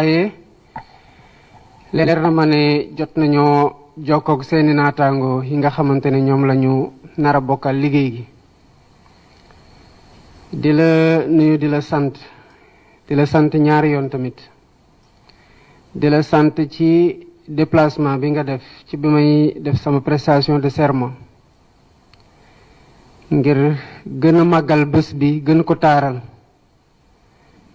waaye leer na ma ne jot nañoo jokkook seeni naataango yi nga xamante ne ñoom la ñu nar a bokkal liggéey gi di la nuyu di la sant di la sant ñaari yoon tamit di la sant ci déplacement bi nga def ci bi may def sama prestation de serment ngir gën a màggal bés bi gën ko taaral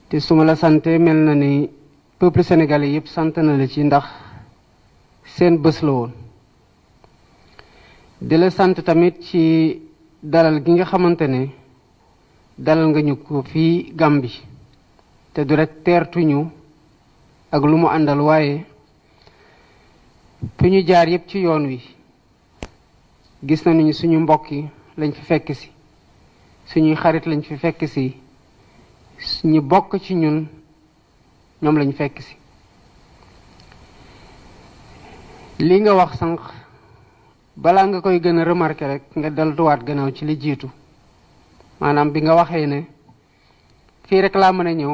te su la sante mel na ni peuple sénégalais yëpp sant na la ci ndax seen bés la woon di la sant tamit ci dalal gi nga xamante ne dalal nga ñu ko fii Gàmbi te du rek teertuñu ak lu mu àndal waaye fi ñu jaar yëpp ci yoon wi gis nañu suñu mbokk yi lañ fi fekk si suñuy xarit lañ fi fekk si ñu bokk ci ñun ñoom lañu fekk si li nga wax sànq balaa nga koy gën a rek nga deltuwaat gannaaw ci li jiitu maanaam bi nga waxee ne fii rek laa mën a ñëw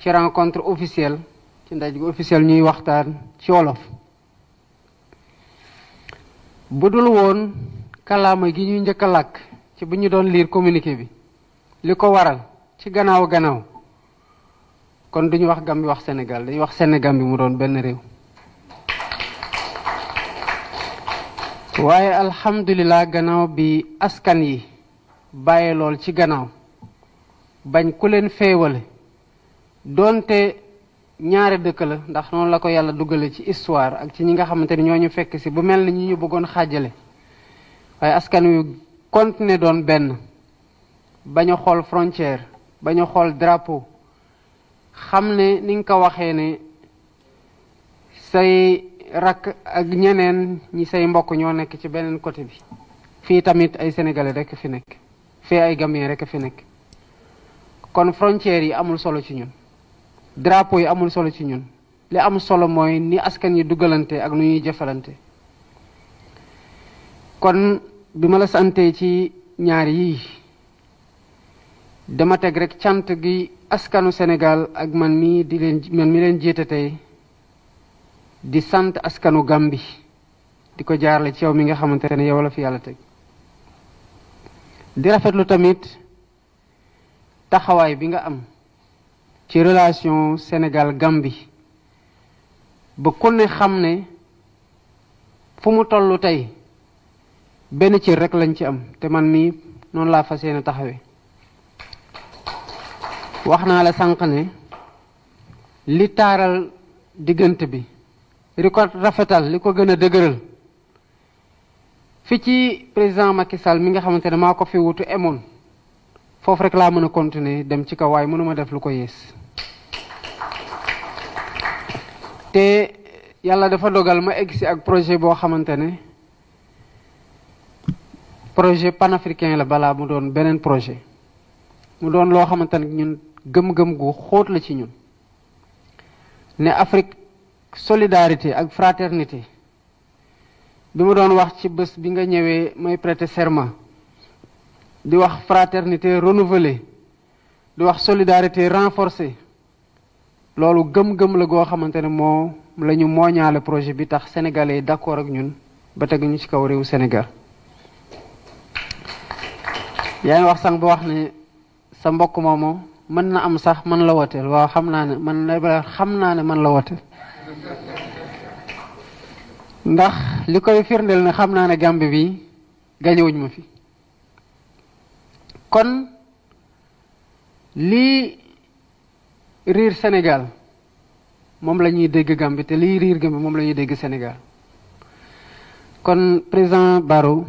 ci rencontre officielle ci ndaj gu officiel ñuy waxtaan ci olof bu dul woon kalaama gi ñuy njëkk a làkk ci bu ñu doon liir communiqué bi li ko waral ci gannaaw gannaaw kon duñu wax Gambie wax senegal dañuy wax Sénégal bi mu doon benn réew waaye alhamdulilah gannaaw bi askan yi bàyyi lool ci gannaaw bañ ku leen féewale doonte ñaari dëkk la ndax noonu la ko yàlla dugale ci histoire ak ci ñi nga xamante ni ñoo ñu fekk si bu mel ni ñi ñu bëggoon xaajale waaye askan wi continué doon benn bañ a xool frontière bañ xool drapeau xam ne ni nga ko waxee ne say rakk ak ñeneen ñi say mbokk ñoo nekk ci beneen côté bi fii tamit ay sénégalais rek fi nekk fee ay gambien rek fi nekk kon frontières yi amul solo ci ñun drapeau yi amul solo ci ñun li am solo mooy ni askan yi dugalante ak nu ñuy jëfalante kon bi ma la santee ci ñaar yii dama teg rek cant gi askanu senegal ak man mii di leen man mi leen jiite tey di sant askanu Gàmbi di ko jaarale ci yow mi nga xamante ne yow la fi yàlla teg di rafetlu tamit taxawaay bi nga am ci relation Sénégal Gàmbi ba ku ne xam ne fu mu tollu tey benn ci rek lañ ci am te man mii noonu laa fa yéene taxawe wax naa la sànq ne li taaral diggante bi li ko rafetal li ko gën a dëgëral fi ci président Macky Sall mi nga xamante ne maa ko fi wutu emoon foofu rek laa mën a continuer dem ci kaw waaye mënuma def lu ko yées te yàlla dafa dogal ma egg ak projet boo xamante ne projet panafricain la balaa mu doon beneen projet mu doon loo xamante ne ñun gëm-gëm gu xóot la ci ñun ne Afrique solidarité ak fraternité bi mu doon wax ci bés bi nga ñëwee may prêter serment di wax fraternité renouvelée di wax solidarité renforcée loolu gëm-gëm la goo xamante ne moo lañu ñu mooñaale projet bi tax sénégalais yi d'accord ak ñun ba tegu ñu ci kaw réewu Sénégal yaa wax sànq ba wax ne sa mbokk moomu mën na am sax man la wooteel waaw xam naa ne man la xam naa ne man la wooteel ndax li koy firndeel ne xam naa ne gàmb bi gañewuñ ma fi kon lii riir Sénégal moom la ñuy dégg Gambie te lii riir Gambie moom lañuy dégg Sénégal kon président Barrow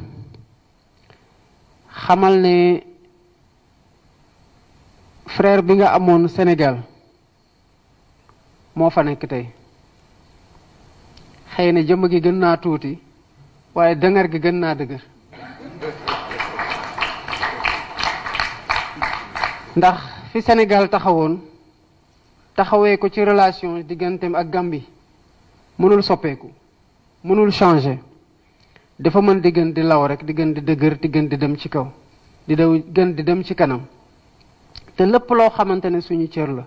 xamal ne frère bi nga amoon Sénégal moo fa nekk tey xëy na jëmm gi gën naa tuuti waaye dëngar gi gën naa dëgër ndax fi Sénégal taxawoon taxawee ko ci relation digganteem ak gàmbi mënul soppeeku mënul changer dafa mën di gën di law rek di gën di dëgër di gën di dem ci kaw di daw gën di dem ci kanam te lépp loo xamante ne suñu cër la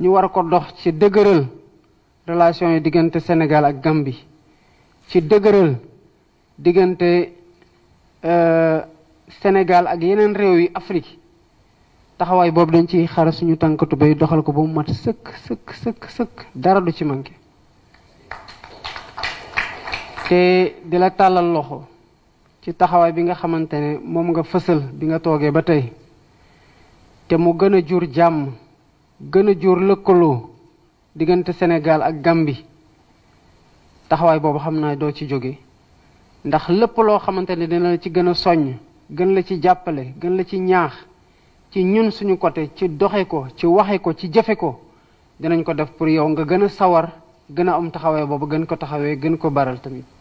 ñu war ko dox ci dëgëral relation yi diggante Sénégal ak Gambie ci dëgëral diggante euh, Sénégal ak yeneen réew yi Afrique taxawaay boobu dañ ci xar suñu tànkatu bay doxal ko ba mu mat sëkk sëkk sëkk dara du ci manqué te di la tàllal loxo ci taxawaay bi nga xamante ne moom nga fësal bi nga toogee ba tey te mu gën a jur jàmm gën a jur lëkkaloo diggante Sénégal ak Gambie taxawaay boobu xam naa doo ci jóge ndax lépp loo xamante ne dina la ci gën a soññ gën la ci jàppale gën la ci ñaax ci ñun suñu côté ci doxe ko ci waxe ko ci jëfe ko dinañ ko def pour yow nga gën a sawar gën a am taxawee boobu gën ko taxawee gën ko baral tamit